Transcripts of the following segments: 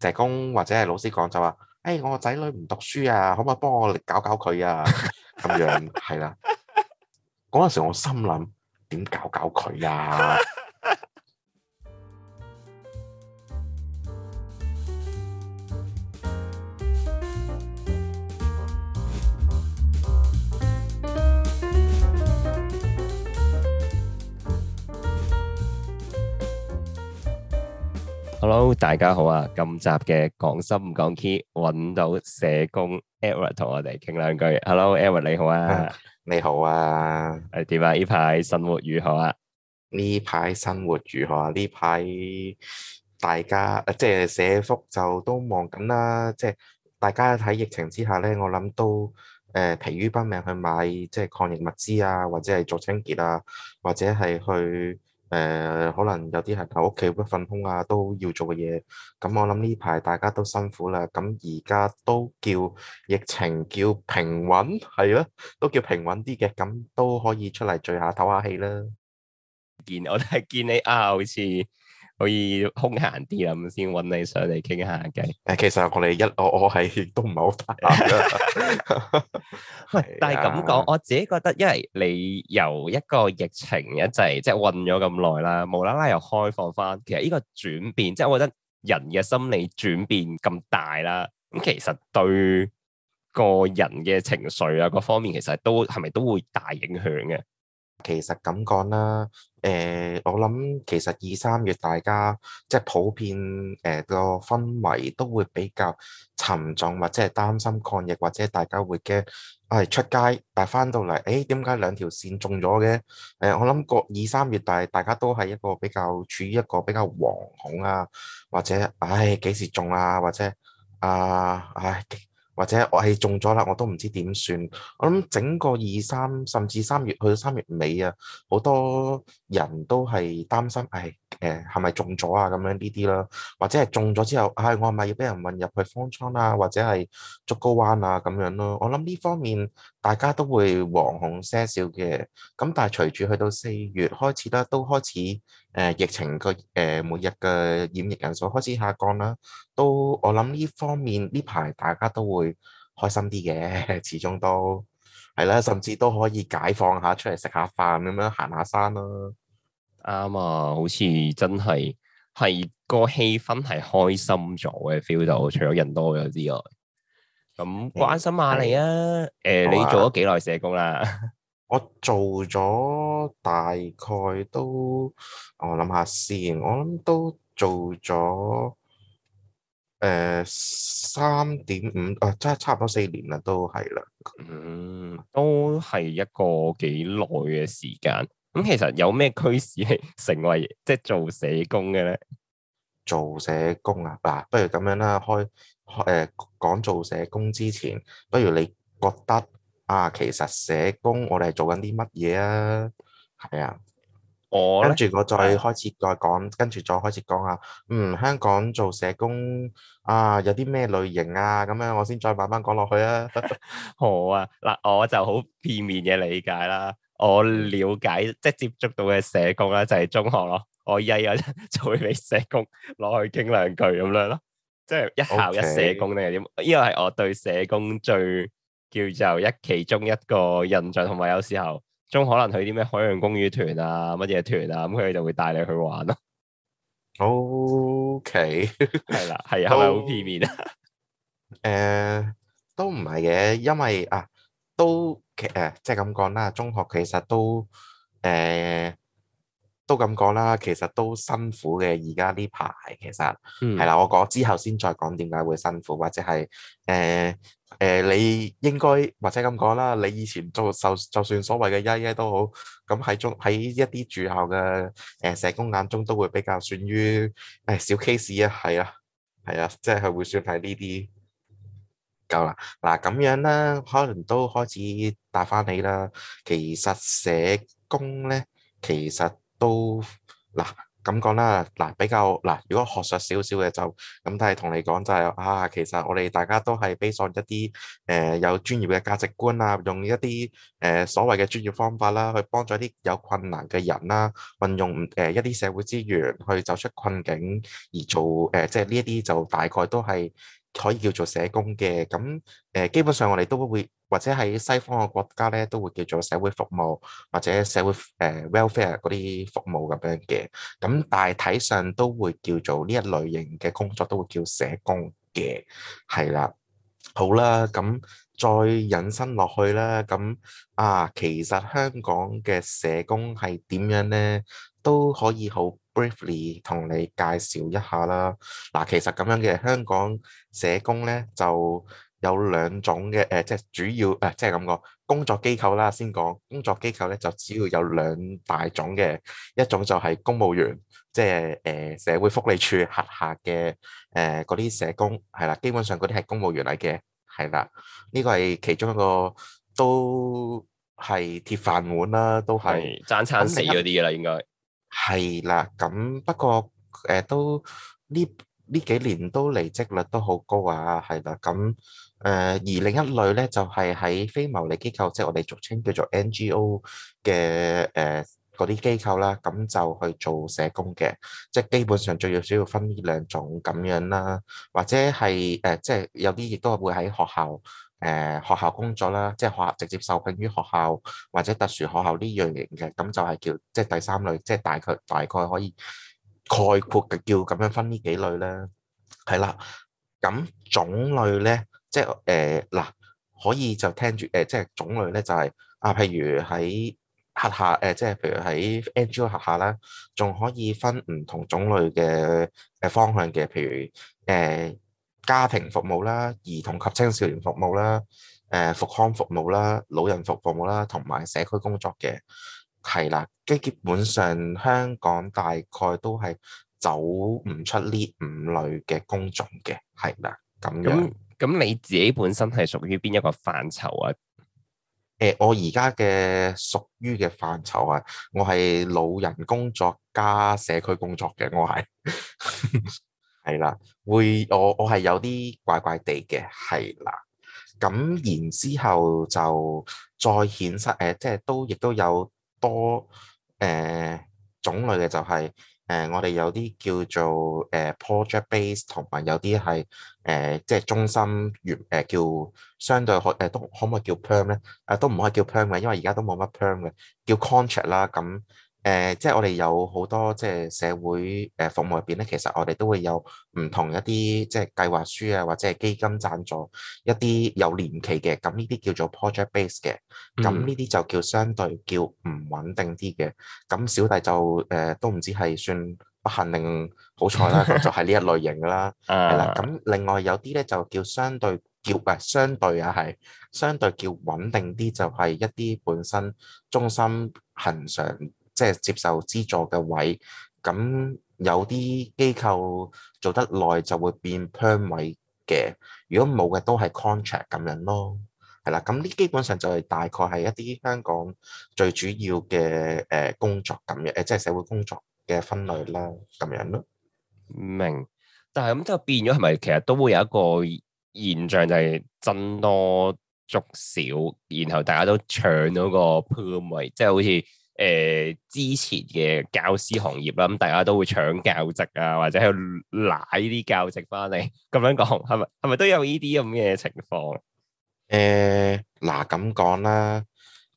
社工或者係老師講就話，誒、哎，我個仔女唔讀書啊，可唔可以幫我搞搞佢啊？咁樣係啦，嗰陣 時我心諗，點搞搞佢啊？ hello，大家好啊！今集嘅講心講 key 搵到社工 Edward 同我哋傾兩句。Hello，Edward 你好啊，你好啊，係點啊？呢排生活如何啊？呢排生活如何啊？呢排大家即係、就是、社福就都忙緊啦，即、就、係、是、大家喺疫情之下咧，我諗都誒、呃、疲於奔命去買即係、就是、抗疫物資啊，或者係做清潔啊，或者係去。誒，可能有啲係喺屋企屈份工啊，都要做嘅嘢。咁我諗呢排大家都辛苦啦，咁而家都叫疫情叫平穩，係咯，都叫平穩啲嘅，咁都可以出嚟聚下，唞下氣啦。見我都係見你啊，好似～可以空閒啲啦，咁先揾你上嚟傾下偈。誒，其實我哋一我我係都唔係好大。但係咁講，我自己覺得，因為你由一個疫情一滯，即係混咗咁耐啦，無啦啦又開放翻，其實呢個轉變，即係我覺得人嘅心理轉變咁大啦。咁其實對個人嘅情緒啊，各方面其實都係咪都會大影響嘅？其實咁講啦。誒、呃，我諗其實二三月大家即係普遍誒、呃、個氛圍都會比較沉重，或者係擔心抗疫，或者大家會驚係、哎、出街，但係翻到嚟，誒、哎，點解兩條線中咗嘅？誒、呃，我諗個二三月，但係大家都係一個比較處於一個比較惶恐啊，或者，唉、哎，幾時中啊？或者，啊，唉、哎。或者我係中咗啦，我都唔知點算。我諗整個二三，三，甚至三月去到三月尾啊，好多人都係擔心係。哎誒，係咪、呃、中咗啊？咁樣呢啲啦，或者係中咗之後，唉、啊，我係咪要俾人運入去方艙啊？或者係竹篙灣啊？咁樣咯，我諗呢方面大家都會惶恐些少嘅。咁但係隨住去到四月開始啦，都開始誒、呃，疫情個誒、呃、每日嘅染疫人數開始下降啦。都我諗呢方面呢排大家都會開心啲嘅，始終都係啦，甚至都可以解放下，出嚟食下飯咁樣，行下山咯。啱啊，好似真係係個氣氛係開心咗嘅 feel 到。除咗人多咗之外，咁關心下你啊，誒、mm hmm. 呃，你做咗幾耐社工啦？我做咗大概都，我諗下先，我諗都做咗誒三點五，啊、呃，即係、呃、差唔多四年啦，都係啦，嗯，都係一個幾耐嘅時間。咁其實有咩驅使係成為即係做社工嘅咧？做社工啊，嗱、啊，不如咁樣啦，開誒、呃，講做社工之前，不如你覺得啊，其實社工我哋係做緊啲乜嘢啊？係啊，哦呢，跟住我再開始再講，啊、跟住再開始講下，嗯，香港做社工啊，有啲咩類型啊？咁樣我先再慢慢講落去啊。 好啊，嗱，我就好片面嘅理解啦。我了解即係接觸到嘅社工咧，就係中學咯。我曳咗就會俾社工攞去傾兩句咁樣咯，即係一校一社工定係點。咁呢個係我對社工最叫做一其中一個印象，同埋有時候中可能去啲咩海洋公園團啊，乜嘢團啊，咁佢就會帶你去玩咯。O K，係啦，係啊，係咪好片面啊？誒，都唔係嘅，因為啊。都其誒、呃、即係咁講啦，中學其實都誒、呃、都咁講啦，其實都辛苦嘅。而家呢排其實係啦、嗯，我講之後先再講點解會辛苦，或者係誒誒你應該或者咁講啦，你以前做就就算所謂嘅曳曳都好，咁喺中喺一啲住校嘅誒社工眼中都會比較算於誒、哎、小 case 啊，係啊，係啊，即係會算係呢啲。夠啦，嗱咁樣咧，可能都開始答翻你啦。其實社工咧，其實都嗱咁講啦，嗱比較嗱，如果學術少少嘅就咁，但係同你講就係、是、啊，其實我哋大家都係基於一啲誒、呃、有專業嘅價值觀啊，用一啲誒、呃、所謂嘅專業方法啦，去幫助啲有困難嘅人啦，運用誒一啲社會資源去走出困境，而做誒、呃、即係呢一啲就大概都係。可以叫做社工嘅，咁誒、呃、基本上我哋都會或者喺西方嘅國家咧都會叫做社會服務或者社會誒、呃、welfare 嗰啲服務咁樣嘅，咁大體上都會叫做呢一類型嘅工作都會叫社工嘅，係啦，好啦，咁再引申落去啦，咁啊其實香港嘅社工係點樣咧都可以好。Briefly 同你介紹一下啦。嗱，其實咁樣嘅香港社工咧就有兩種嘅，誒、呃，即係主要，唔、呃、即係咁講工作機構啦。先講工作機構咧，就主要有兩大種嘅，一種就係公務員，即係誒、呃、社會福利署轄下嘅誒嗰啲社工，係啦，基本上嗰啲係公務員嚟嘅，係啦。呢、這個係其中一個都係鐵飯碗啦，都係爭、嗯、餐死嗰啲嘅啦，應該該。係啦，咁不過誒、呃、都呢呢幾年都離職率都好高啊，係啦，咁誒而另一類咧就係、是、喺非牟利機構，即係我哋俗稱叫做 NGO 嘅誒嗰啲機構啦，咁就去做社工嘅，即係基本上最要主要分呢兩種咁樣啦，或者係誒、呃、即係有啲亦都係會喺學校。誒、呃、學校工作啦，即係學校直接受聘於學校或者特殊學校呢樣型嘅，咁就係叫即係第三類，即係大概大概可以概括嘅叫咁樣分呢幾類啦，係啦。咁種類咧，即係誒嗱，可以就聽住誒、呃，即係種類咧就係啊，譬如喺學校誒、呃，即係譬如喺 NGO 學校啦，仲可以分唔同種類嘅誒方向嘅，譬如誒、呃家庭服務啦、兒童及青少年服務啦、誒、呃、復康服務啦、老人服務啦，同埋社區工作嘅，係啦。基本上香港大概都係走唔出呢五類嘅工種嘅，係啦。咁樣，咁咁你自己本身係屬於邊一個範疇啊？誒、呃，我而家嘅屬於嘅範疇啊，我係老人工作加社區工作嘅，我係。 係啦，會我我係有啲怪怪地嘅，係啦。咁然之後就再顯示，誒即係都亦都有多誒、呃、種類嘅、就是，就係誒我哋有啲叫做誒、呃、project base，同埋有啲係誒即係中心月誒、呃、叫相對、呃、可誒都可唔可以叫 perm 咧？誒、呃、都唔可以叫 perm 嘅，因為而家都冇乜 perm 嘅，叫 contract 啦咁。誒、呃，即係我哋有好多即係社會誒服務入邊咧，其實我哋都會有唔同一啲即係計劃書啊，或者係基金贊助一啲有年期嘅，咁呢啲叫做 project based 嘅，咁呢啲就叫相對叫唔穩定啲嘅。咁小弟就誒、呃，都唔知係算不幸定好彩啦，就係、是、呢一類型嘅啦。係啦， 咁另外有啲咧就叫相對叫唔係、啊、相對啊，係相對叫穩定啲，就係、是、一啲本身中心恒常。即係接受資助嘅位，咁有啲機構做得耐就會變 perm 位嘅，如果冇嘅都係 contract 咁樣咯，係啦。咁呢基本上就係大概係一啲香港最主要嘅誒工作咁樣，誒即係社會工作嘅分類啦，咁樣咯。明，但係咁就變咗係咪其實都會有一個現象就係僧多粥少，然後大家都搶到個 perm 位，即係好似。誒，之前嘅教師行業啦，咁大家都會搶教職啊，或者喺度攞啲教職返嚟，咁樣講係咪係咪都有呢啲咁嘅情況？誒、呃，嗱咁講啦，誒、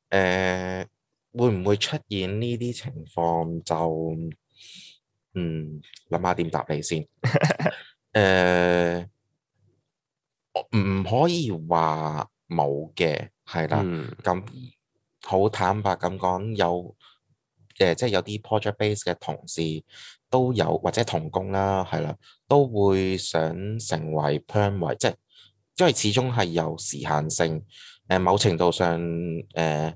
呃，會唔會出現呢啲情況就，嗯，諗下點答你先。誒、 呃，唔可以話冇嘅，係啦，咁、嗯。好坦白咁講，有誒，即係有啲 project base 嘅同事都有或者同工啦，係啦，都會想成為 plan 位，即係因為始終係有時限性，誒、呃，某程度上誒唔、呃、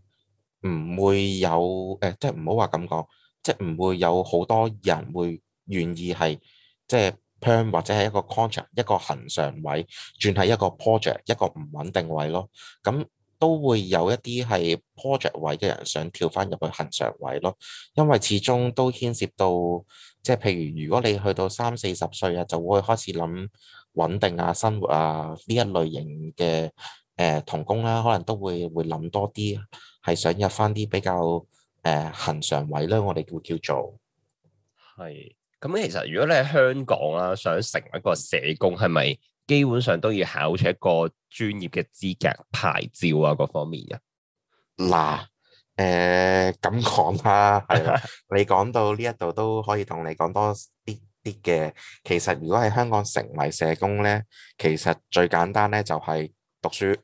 會有誒、呃，即係唔好話咁講，即係唔會有好多人會願意係即係 plan 或者係一個 contract 一個恒常位轉係一個 project 一個唔穩定位咯，咁。都會有一啲係 project 位嘅人想跳翻入去恆常位咯，因為始終都牽涉到，即係譬如如果你去到三四十歲啊，就會開始諗穩定啊、生活啊呢一類型嘅誒、呃、同工啦、啊，可能都會會諗多啲，係想入翻啲比較誒恆、呃、常位咧。我哋會叫做係咁。其實如果你喺香港啦、啊，想成為一個社工，係咪？基本上都要考取一個專業嘅資格、牌照啊，各方面啊。嗱、呃，誒，咁講啦，係啦，你講到呢一度都可以同你講多啲啲嘅。其實如果喺香港成為社工咧，其實最簡單咧就係讀書。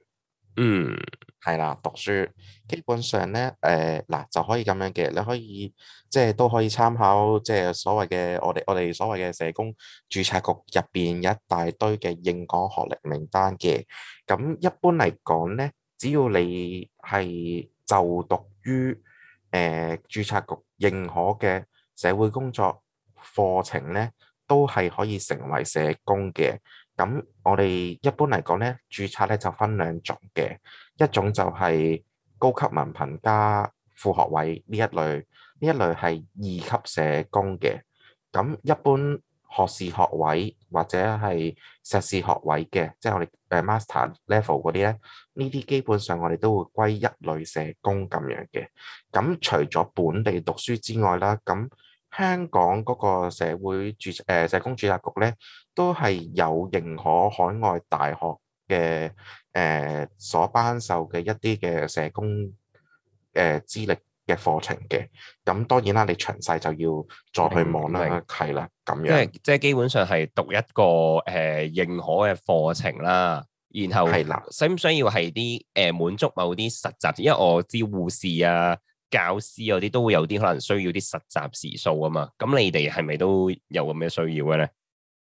嗯，係啦，讀書基本上咧，誒、呃，嗱就可以咁樣嘅，你可以即係都可以參考，即係所謂嘅我哋我哋所謂嘅社工注冊局入邊有一大堆嘅認可學歷名單嘅，咁一般嚟講咧，只要你係就讀於誒注冊局認可嘅社會工作課程咧，都係可以成為社工嘅。咁我哋一般嚟講咧，註冊咧就分兩種嘅，一種就係高級文憑加副學位呢一類，呢一類係二級社工嘅。咁一般學士學位或者係碩士學位嘅，即係我哋誒 Master level 嗰啲咧，呢啲基本上我哋都會歸一類社工咁樣嘅。咁除咗本地讀書之外啦，咁香港嗰個社會住誒社工註冊局咧，都係有認可海外大學嘅誒、呃、所頒授嘅一啲嘅社工誒、呃、資歷嘅課程嘅。咁當然啦，你詳細就要再去望啦，係明啦，咁樣即係基本上係讀一個誒、呃、認可嘅課程啦。然後係啦，使唔需要係啲誒滿足某啲實習？因為我知護士啊。教師有啲都會有啲可能需要啲實習時數啊嘛，咁你哋係咪都有咁嘅需要嘅咧？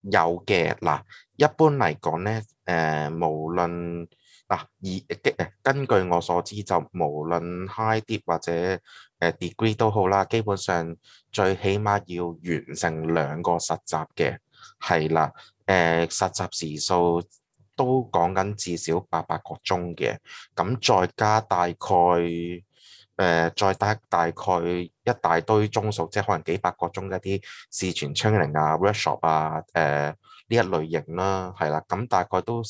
有嘅，嗱，一般嚟講咧，誒、呃，無論嗱，而、啊、根據我所知，就無論 high dip 或者誒 degree 都好啦，基本上最起碼要完成兩個實習嘅，係啦，誒、呃，實習時數都講緊至少八百個鐘嘅，咁再加大概。誒、呃、再大大概一大堆鐘數，即係可能幾百個鐘嘅一啲視傳 training 啊、workshop 啊，誒、呃、呢一類型啦，係啦，咁大概都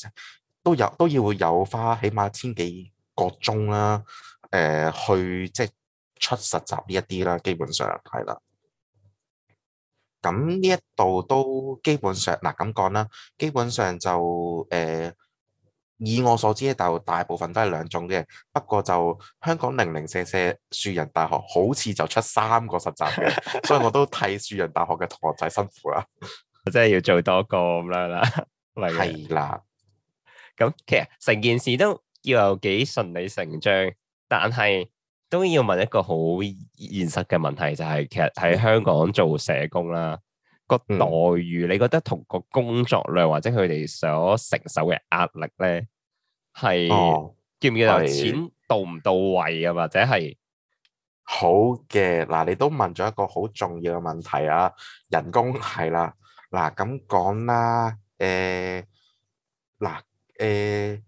都有都要有花起碼千幾個鐘啦，誒、呃、去即係出實習呢一啲啦，基本上係啦。咁呢一度都基本上嗱咁講啦，基本上就誒。呃以我所知咧，就大部分都係兩種嘅，不過就香港零零舍舍樹仁大學好似就出三個實習， 所以我都替樹仁大學嘅同學仔辛苦啦，我真係要做多個咁樣啦，係 啦的。咁的其實成件事都要有幾順理成章，但係都要問一個好現實嘅問題，就係、是、其實喺香港做社工啦。 個待遇，嗯、你覺得同個工作量或者佢哋所承受嘅壓力咧，係哦，記唔記得錢到唔到位啊？或者係好嘅。嗱，你都問咗一個好重要嘅問題啊！人工係啦，嗱咁講啦，誒，嗱，誒。呃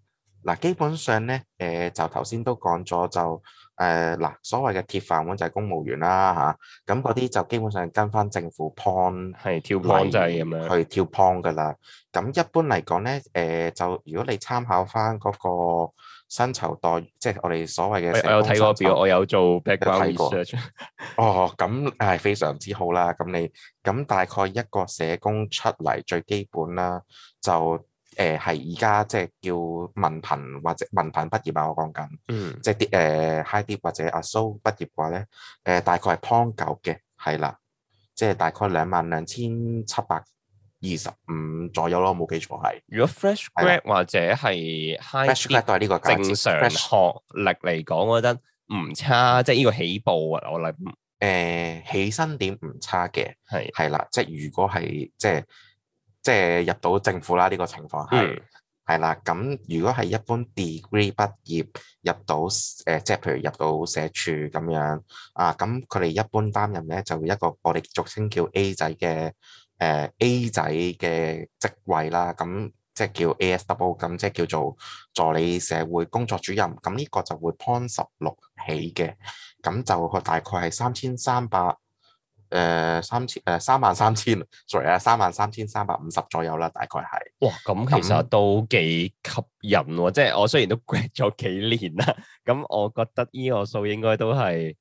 嗱，基本上咧，誒就頭先都講咗，就誒嗱，所謂嘅鐵飯碗就係公務員啦嚇，咁嗰啲就基本上跟翻政府 point，係跳 point 就係咁樣，去跳 point 噶啦。咁一般嚟講咧，誒就如果你參考翻嗰個薪酬待遇，即係我哋所謂嘅社工，我有睇過表，我有做 background research。哦，咁係非常之好啦。咁你咁大概一個社工出嚟最基本啦，就～誒係而家即係叫文憑或者文憑畢業啊！我講緊，即係啲誒 high 啲或者阿蘇畢業嘅話咧，誒、呃、大概係湯九嘅，係啦，即、就、係、是、大概兩萬兩千七百二十五左右咯，冇記錯係。如果 fresh grade 或者係 high Grade 都係呢個正常學歷嚟講，我覺得唔差，即係呢個起步啊！我諗誒、呃、起薪點唔差嘅，係係的啦，即、就、係、是、如果係即係。就是即係入到政府啦，呢、這個情況係係啦。咁、嗯、如果係一般 degree 畢業入到誒，即、呃、係譬如入到社署咁樣啊，咁佢哋一般擔任咧就會一個我哋俗稱叫 A 仔嘅誒、呃、A 仔嘅職位啦。咁即係叫 ASW，咁即係叫做助理社會工作主任。咁呢個就會 point 十六起嘅，咁就大概係三千三百。誒、呃，三千誒、呃，三萬三千，sorry 啊，三萬三千三百五十左右啦，大概係。哇，咁其實都幾吸引喎，嗯、即係我雖然都 grad 咗幾年啦，咁我覺得呢個數應該都係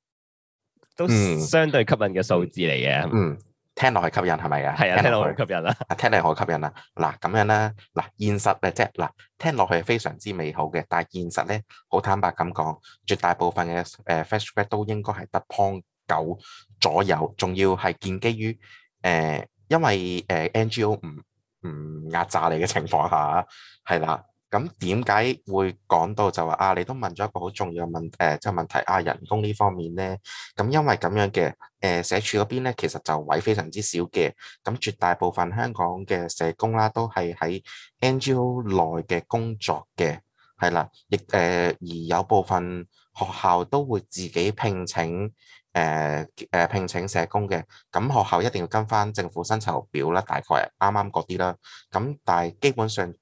都相對吸引嘅數字嚟嘅，、嗯。嗯，聽落去吸引係咪啊？係啊，聽落去吸引啊，聽落去吸引啦。嗱，咁樣啦，嗱，現實咧即係嗱，聽落去係非常之美好嘅，但係現實咧好坦白咁講，絕大部分嘅誒 fresh grad 都應該係得 point 九左右，仲要係建基於誒、呃，因為誒、呃、N G O 唔唔壓榨你嘅情況下，係啦。咁點解會講到就話啊？你都問咗一個好重要嘅問誒，即係問題啊、呃，人工呢方面呢。咁因為咁樣嘅誒、呃、社署嗰邊咧，其實就位非常之少嘅。咁絕大部分香港嘅社工啦，都係喺 N G O 內嘅工作嘅，係啦，亦、呃、誒而有部分學校都會自己聘請，誒誒，聘請社工嘅，咁學校一定要跟翻政府薪酬表啦，大概係啱啱嗰啲啦。咁但係基本上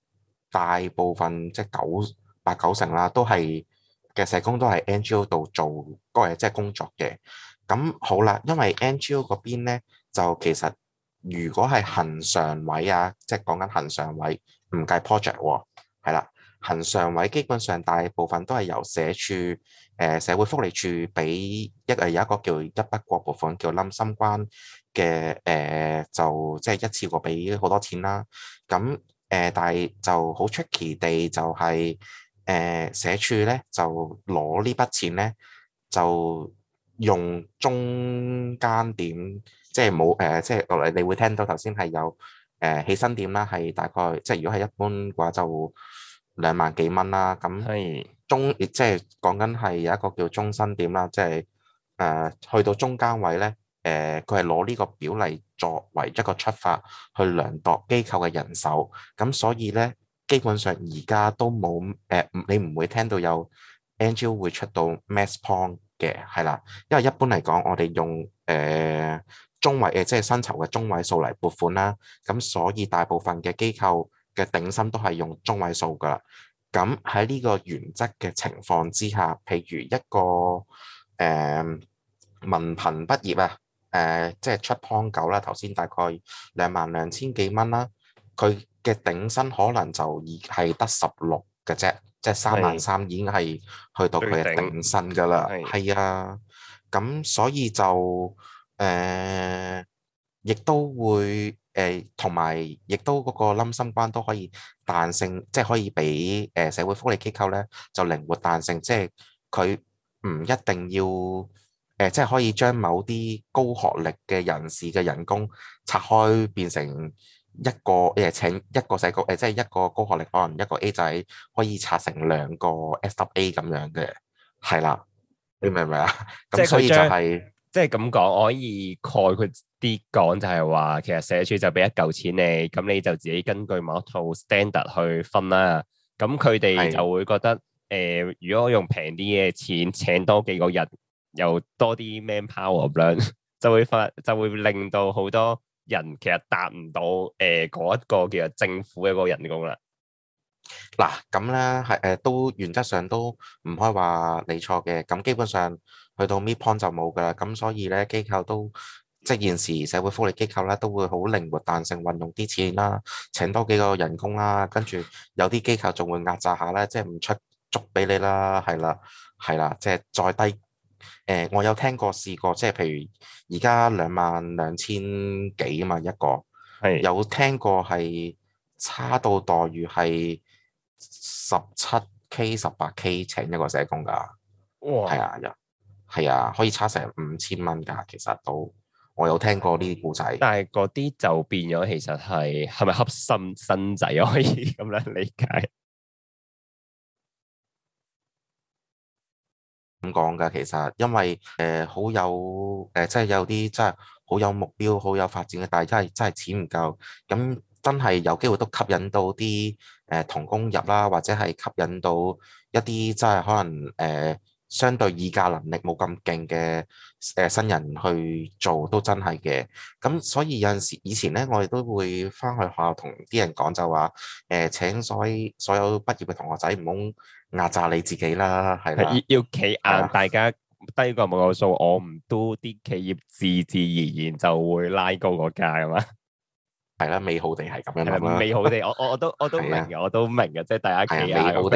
大部分即係九八九成啦，都係嘅社工都係 N G O 度做嗰嘢，即係工作嘅。咁好啦，因為 N G O 嗰邊咧，就其實如果係恆常位啊，即係講緊恆常位，唔計 project 喎，係啦。行上位基本上大部分都係由社署誒、呃、社會福利署俾一誒有一個叫一筆過撥款叫冧心關嘅誒、呃，就即係一次過俾好多錢啦。咁誒、呃，但係就好出奇地就係、是、誒、呃、社署咧就攞呢筆錢咧就用中間點，即係冇誒，即係落嚟你會聽到頭先係有誒、呃、起薪點啦，係大概即係如果係一般嘅話就。兩萬幾蚊啦，咁中亦是即係講緊係有一個叫中心點啦，即係誒、呃、去到中間位咧，誒佢係攞呢個表嚟作為一個出發去量度機構嘅人手，咁所以咧基本上而家都冇誒、呃，你唔會聽到有 NGO 會出到 mass point 嘅，係啦，因為一般嚟講我哋用誒、呃、中位誒即係薪酬嘅中位數嚟撥款啦，咁所以大部分嘅機構。嘅頂薪都係用中位數噶啦，咁喺呢個原則嘅情況之下，譬如一個誒文憑畢業啊，誒即係出康九啦，頭先大概兩萬兩千幾蚊啦，佢嘅頂薪可能就係得十六嘅啫，即係三萬三已經係去到佢嘅頂薪噶啦，係啊，咁所以就誒亦都會。誒同埋，亦都嗰個冧心關都可以彈性，即係可以俾誒社會福利機構咧，就靈活彈性，即係佢唔一定要誒，即係可以將某啲高學歷嘅人士嘅人工拆開變成一個誒請一個細高誒，即係一個高學歷可能一個 A 仔可以拆成兩個 SWA 咁樣嘅，係啦，你明唔明啊？ 那即所以就係即係咁講，我可以蓋佢。啲講就係話，其實社署就俾一嚿錢你，咁你就自己根據某一套 standard 去分啦。咁佢哋就會覺得，誒是的、呃，如果用平啲嘅錢請多幾個人，有多啲 man power 咁就會發就會令到好多人其實達唔到誒嗰、呃、一個叫做政府嘅個人工啦。嗱、啊，咁咧係誒，都、呃、原則上都唔可以話你錯嘅。咁基本上去到 meet point 就冇噶啦，咁所以咧機構都。即係現時社會福利機構咧，都會好靈活彈性運用啲錢啦，請多幾個人工啦，跟住有啲機構仲會壓榨下咧，即係唔出足俾你啦，係啦，係啦，即係再低誒、呃，我有聽過試過，即係譬如而家兩萬兩千幾嘛一個，係是有聽過係差到待遇係十七 K 十八 K 請一個社工㗎，哇，係啊，係啊，可以差成五千蚊㗎，其實都～我有聽過呢啲故仔，但係嗰啲就變咗，其實係係咪黑心新仔可以咁樣理解？咁講噶，其實因為誒、呃、好有誒，即、呃、係、就是、有啲即係好有目標、好有發展嘅，但係真係真係錢唔夠，咁真係有機會都吸引到啲誒同工入啦，或者係吸引到一啲真係可能誒。呃相對議價能力冇咁勁嘅誒新人去做都真係嘅，咁所以有陣時以前咧我哋都會返去學校同啲人講就話誒請所有所有畢業嘅同學仔唔好壓榨你自己啦，係嘛？要企硬，啊、大家低過某個數，我唔 do 啲企業自自然然就會拉高個價啊嘛，係啦，美好地係咁樣啦、啊。美好地，我我我都我都明嘅，我都明嘅，即係、啊就是、大家企硬、啊，嗰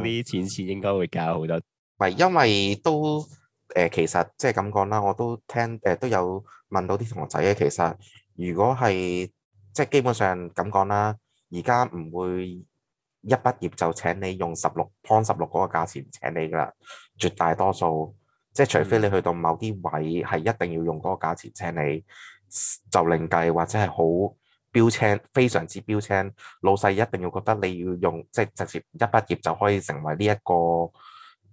啲錢應該會加好多。唔係，因為都誒、呃，其實即係咁講啦，我都聽誒、呃、都有問到啲同學仔嘅。其實如果係即係基本上咁講啦，而家唔會一畢業就請你用十六磅十六嗰個價錢請你㗎喇。絕大多數即係除非你去到某啲位係一定要用嗰個價錢請你，就另計，或者係好標青非常之標青，老細一定要覺得你要用即係直接一畢業就可以成為呢、這、一個。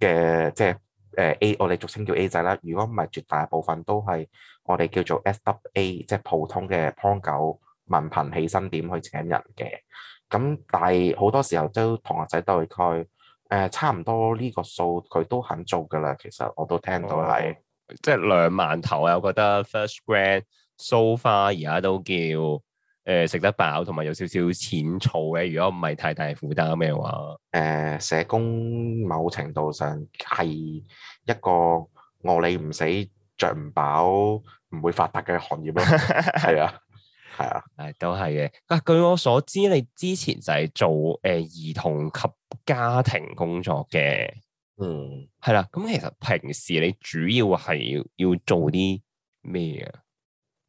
嘅即係誒 A，我哋俗稱叫 A 仔啦。如果唔係，絕大部分都係我哋叫做 SWA，即係普通嘅房狗文憑起薪點去請人嘅。咁但係好多時候都同阿仔大概誒、呃、差唔多呢個數，佢都肯做嘅啦。其實我都聽到係即係兩萬頭、啊，我覺得 First Grade so far，而家都叫。誒，食、呃、得飽，同埋有少少錢措嘅，如果唔係太大負擔嘅話，誒、呃，社工某程度上係一個餓你唔死、着唔飽、唔會發達嘅行業咯，係 啊，係啊，誒，都係嘅。啊，據我所知，你之前就係做誒、呃、兒童及家庭工作嘅，嗯，係啦。咁其實平時你主要係要做啲咩啊？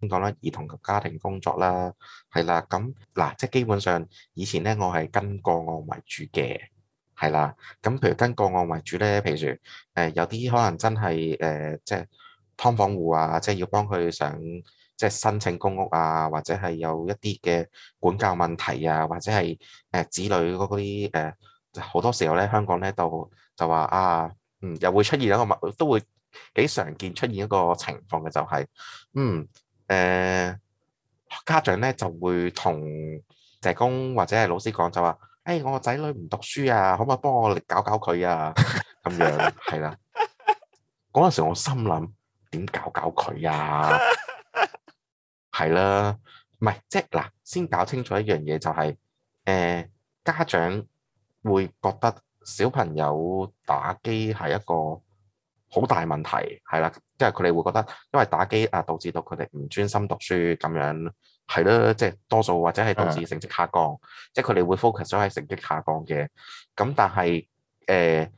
點講啦，兒童及家庭工作啦，係啦，咁嗱，即係基本上以前咧，我係跟個案為主嘅，係啦，咁譬如跟個案為主咧，譬如誒、呃，有啲可能真係誒，即係劏房戶啊，即、就、係、是、要幫佢上即係申請公屋啊，或者係有一啲嘅管教問題啊，或者係誒、呃、子女嗰啲誒，好、呃、多時候咧，香港咧就就話啊，嗯，又會出現一個問題都會幾常見出現一個情況嘅、就是，就係嗯。誒，家長咧就會同社工或者係老師講，就話，誒，我個仔女唔讀書啊，可唔可以幫我嚟搞搞佢啊？咁樣係啦。嗰陣時我心諗，點搞搞佢啊？係啦，唔係即係嗱，先搞清楚一樣嘢就係，誒，家長會覺得小朋友打機係一個好大問題，係啦。即係佢哋會覺得，因為打機啊，導致到佢哋唔專心讀書咁樣，係咯，即係多數或者係導致成績下降。即係佢哋會 focus 咗喺成績下降嘅。咁但係誒、呃、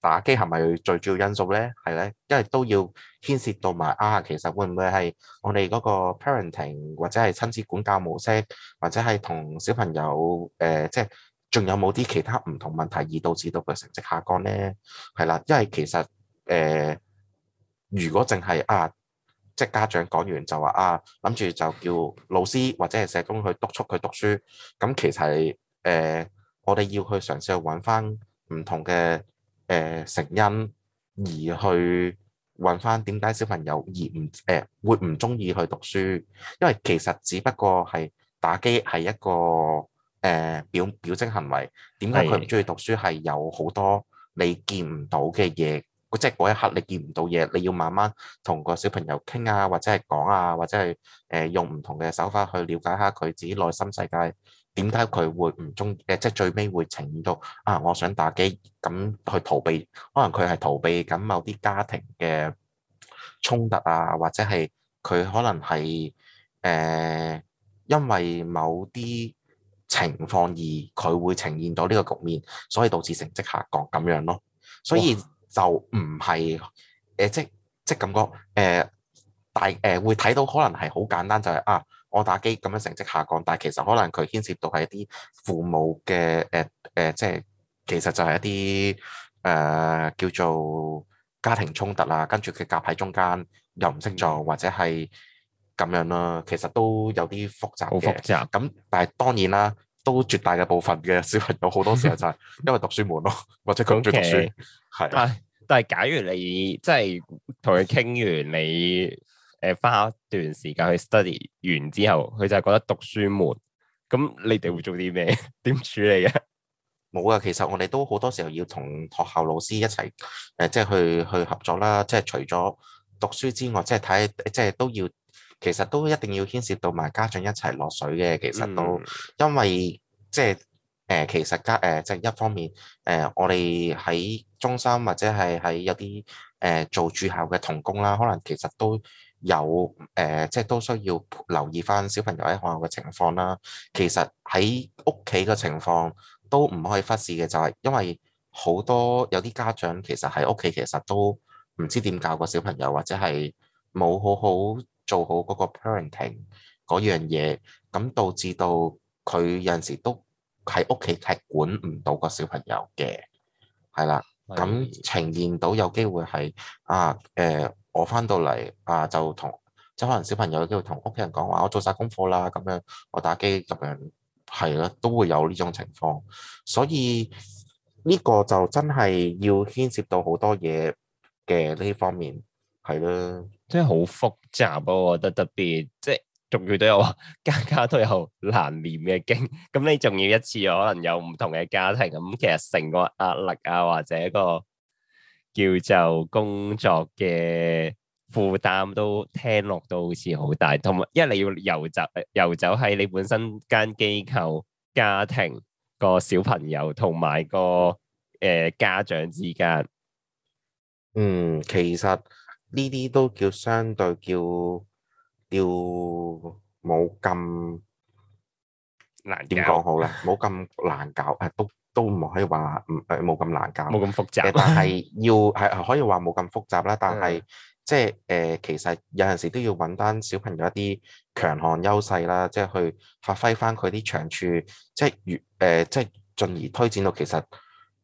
打機係咪最主要因素咧？係咧，因為都要牽涉到埋啊，其實會唔會係我哋嗰個 parenting 或者係親子管教模式，或者係同小朋友誒，即係仲有冇啲其他唔同問題而導致到佢成績下降咧？係啦，因為其實誒，呃如果淨係啊，即係家長講完就話啊，諗住就叫老師或者係社工去督促佢讀書，咁其實係、呃、我哋要去嘗試去搵返唔同嘅誒、呃、成因，而去搵返點解小朋友而唔誒、呃、會唔中意去讀書，因為其實只不過係打機係一個誒、呃、表表徵行為，點解佢唔中意讀書係是有好多你見唔到嘅嘢。即係嗰一刻你見唔到嘢，你要慢慢同個小朋友傾啊，或者係講啊，或者係誒、呃、用唔同嘅手法去了解下佢自己內心世界，點解佢會唔中意？誒即係最尾會呈現到啊，我想打機咁去逃避，可能佢係逃避緊某啲家庭嘅衝突啊，或者係佢可能係誒、呃、因為某啲情況而佢會呈現到呢個局面，所以導致成績下降咁樣咯，所以。就唔係誒，即即感覺誒大誒會睇到可能係好簡單，就係、是、啊，我打機咁樣成績下降，但其實可能佢牽涉到係一啲父母嘅誒誒，即係其實就係一啲誒、呃、叫做家庭衝突啊，跟住佢夾喺中間又唔識做或者係咁樣咯，其實都有啲複雜好複雜。咁但係當然啦，都絕大嘅部分嘅小朋友好多時候是就係因為讀書悶咯， 或者佢唔中意讀書，Okay. 但係，假如你即係同佢傾完，你誒花、呃、一段時間去 study 完之後，佢就覺得讀書悶，咁你哋會做啲咩？點處理啊？冇啊，其實我哋都好多時候要同學校老師一齊誒、呃，即係去去合作啦。即係除咗讀書之外，即係睇，即係都要，其實都一定要牽涉到埋家長一齊落水嘅。其實都、嗯、因為即係。誒、呃，其實家誒、呃，即係一方面，誒、呃，我哋喺中心或者係喺有啲誒、呃、做住校嘅同工啦，可能其實都有誒、呃，即係都需要留意翻小朋友喺學校嘅情況啦。其實喺屋企嘅情況都唔可以忽視嘅，就係、是、因為好多有啲家長其實喺屋企其實都唔知點教個小朋友，或者係冇好好做好嗰個 parenting 嗰樣嘢，咁導致到佢有陣時都。喺屋企係管唔到個小朋友嘅，係啦，咁呈現到有機會係啊，誒、呃，我翻到嚟啊，就同即可能小朋友有機會同屋企人講話，啊，我做晒功課啦，咁樣我打機咁樣，係啦，都會有呢種情況，所以呢個就真係要牽涉到好多嘢嘅呢方面，係囉，即係好複雜囉，啊，我覺得特別即係。仲要都有家家都有難念嘅經。咁你仲要一次可能有唔同嘅家庭，咁其實成個壓力啊，或者個叫做工作嘅負擔都聽落都好似好大。同埋，因為你要遊走，遊走喺你本身間機構、家庭、個小朋友同埋、個誒、呃、家長之間。嗯，其實呢啲都叫相對叫。要冇咁難點講好咧，冇咁難搞啊！都都唔可以話唔誒冇咁難搞，冇咁複，複雜，但係要係可以話冇咁複雜啦。但係、嗯、即係誒、呃，其實有陣時都要搵翻小朋友一啲強項優勢啦，即係去發揮翻佢啲長處，即係越誒即係進而推展到其實誒、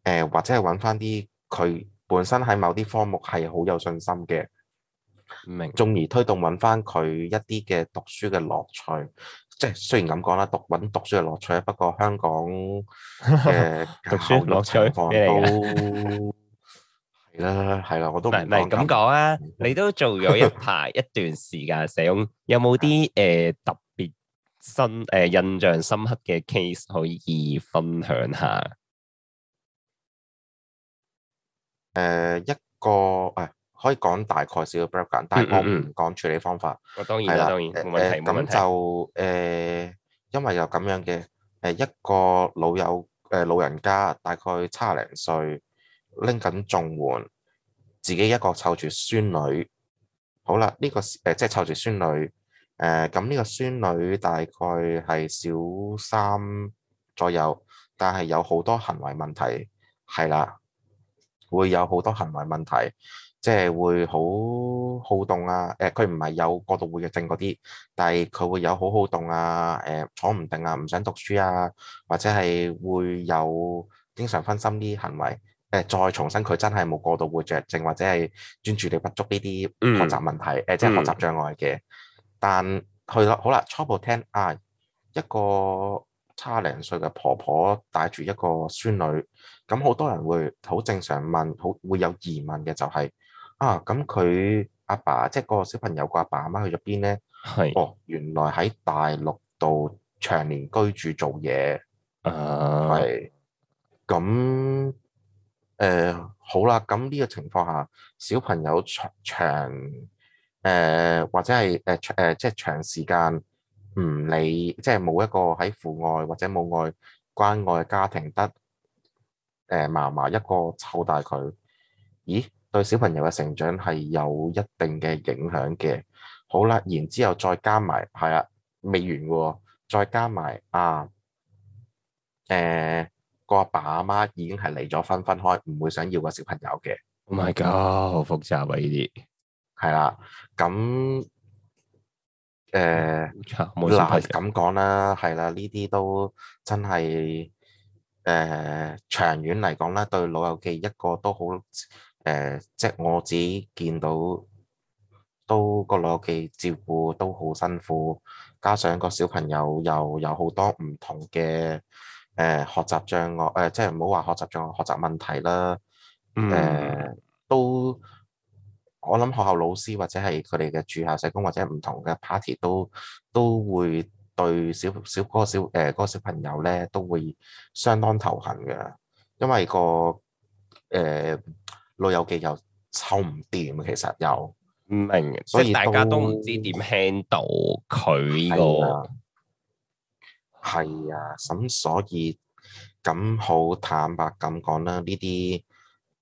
呃，或者係搵翻啲佢本身喺某啲科目係好有信心嘅。唔明，仲而推動揾返佢一啲嘅讀書嘅樂趣，即係雖然咁講啦，讀揾讀書嘅樂趣，不過香港嘅、呃、 讀書樂趣都係啦，係啦，我都唔明唔咁講啊。你都做咗一排一段時間，寫， 有冇啲誒特別深誒、呃、印象深刻嘅 case 可以分享下？誒、呃、一個啊。哎可以講大概少少 program 但係我唔講處理方法。我、嗯嗯、的當然當然冇問題咁就誒，因為有咁樣嘅誒、呃，一個老友誒、呃、老人家，大概七零歲，拎緊綜援，自己一個湊住孫女。好啦，呢、呢個誒即係湊住孫女誒，咁、呃、呢、呃呢個孫女大概係小三左右，但係有好多行為問題，係啦，會有好多行為問題。即係會好好動啊，誒、呃，佢唔係有過度活躍症嗰啲，但係佢會有好好動啊，誒、呃，坐唔定啊，唔想讀書啊，或者係會有經常分心啲行為，誒、呃，再重申，佢真係冇過度活躍症或者係專注力不足呢啲學習問題，誒、嗯呃，即係學習障礙嘅。嗯、但去啦，好啦，初步聽啊，一個差零歲嘅婆婆帶住一個孫女，咁好多人會好正常問，好會有疑問嘅就係、是。啊，咁佢阿爸即係個小朋友嘅阿爸阿媽去咗邊咧？係，哦，原來喺大陸度長年居住做嘢，係。咁，誒好啦，咁呢個情況下，小朋友長長誒或者係誒誒即係長時間唔理，即係冇一個喺父愛或者母愛關愛嘅家庭得，誒嫲嫲一個湊大佢，咦？對小朋友嘅成長係有一定嘅影響嘅。好啦，然之後再加埋，係啊，未完喎，再加埋啊，誒個阿爸阿媽已經係離咗婚，分開，唔會想要個小朋友嘅。Oh my god！好複雜啊，呢啲係啦，咁誒，冇錯，係咁講啦，係啦，呢啲都真係誒長遠嚟講啦，對老友記一個都好。誒、呃，即係我只見到都個老記照顧都好辛苦，加上個小朋友又有好多唔同嘅，誒、呃、學習障礙誒、呃，即係唔好話學習障礙，學習問題啦。誒、嗯呃，都我諗學校老師或者係佢哋嘅駐校社工或者唔同嘅 party 都都會對小小小誒、呃嗰個小朋友咧都會相當頭痕嘅，因為個誒。呃老友記又抽唔掂，其實又唔明，所以大家都唔知點 handle 佢呢個。係啊，咁所以咁好坦白咁講啦，呢啲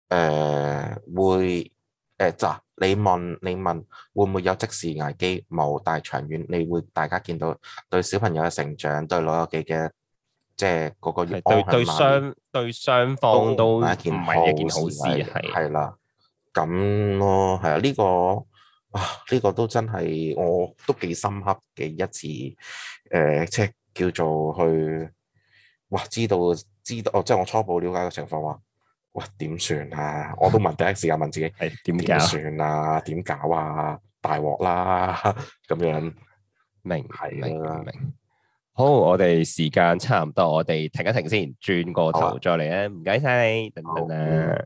誒會誒，嗱、呃，你問你問會唔會有即時危機冇，但係長遠你會大家見到對小朋友嘅成長，對老友記嘅。即係嗰個對，對對雙對雙方都唔係一件好事，係係啦，咁咯，係啊，呢、這個啊呢、這個都真係我都幾深刻嘅一次，誒、呃，即係叫做去，哇！知道知道，哦，即係我初步了解嘅情況話，哇！點算啊？我都問 第一時間問自己，係點算啊？點搞啊？大鑊啦，咁樣明係白明明。明好，我哋時間差唔多，我哋停一停先，轉個頭再嚟啊！唔該晒，等等啦。